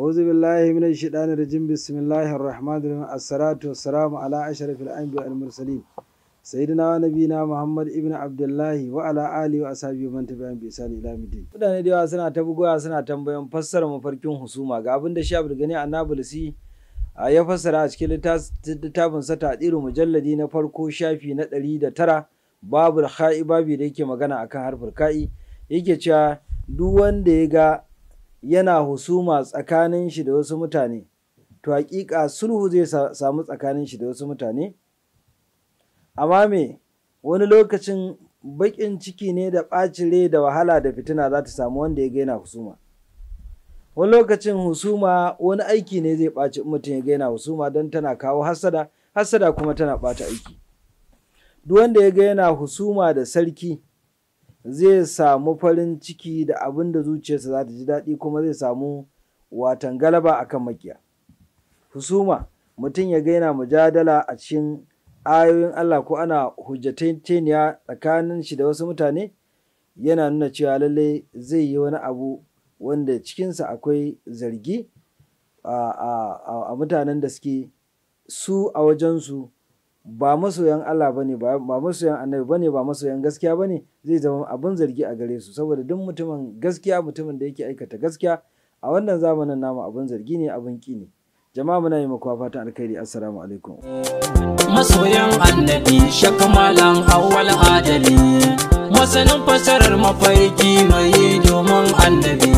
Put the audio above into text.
أعوذ بالله من الشيطان الرجيم بسم الله الرحمن الرحيم الصلاة والسلام على أشرف الأنبياء والمرسلين سيدنا ونبينا محمد ابن عبد الله وعلى آله وأصحابه من تبعهم بإحسان إلى يوم الدين mutane da yawa suna ta bugowa suna tambayan fassara mafarkin husuma ga abin da Shabu Gani Annabulsi ya fassara a cikin littafin sa Tadiru mujalladi na farko shafi na 109 babu kha'i babu da yake magana akan harfin ka'i yake cewa duk wanda ya ga yana husuma tsakanin shi da wasu mutane to hakika sulhu zai samu tsakanin shi da wasu mutane amma me wani lokacin baƙin ciki ne da ɓacin da wahala da fitina za ta samu wanda ya gaina husuma wani lokacin husuma wani aiki ne zai ɓaci mutum ya gaina husuma don tana kawo hassada hassada kuma tana ɓata aiki duk wanda ya gaina husuma da sarki zai samu farin ciki da abin da zuciyarsa za ta ji daɗi kuma zai samu watan galaba akan makiya husuma mutum ya gaina mujadala a cikin ayoyin Allah ko ana hujjatiniya tsakanin shi da wasu mutane yana nuna cewa lallai zai yi wani abu wanda cikinsa akwai zargi a mutanen da suke su a wajensu ba masoyan Allah ba ne ba masoyan annabi ba ne ba masoyan gaskiya ba ne zai zama abin zargi a gare su saboda duk mutumin gaskiya mutumin da yake aikata gaskiya a wannan zamanin namu abin zargi ne abin ki ne jama'a muna yi makuwa fatan alkhairi assalamu alaikum masoyan annabi shakmalan awwal adali masanin fasarar mafarki mai domin annabi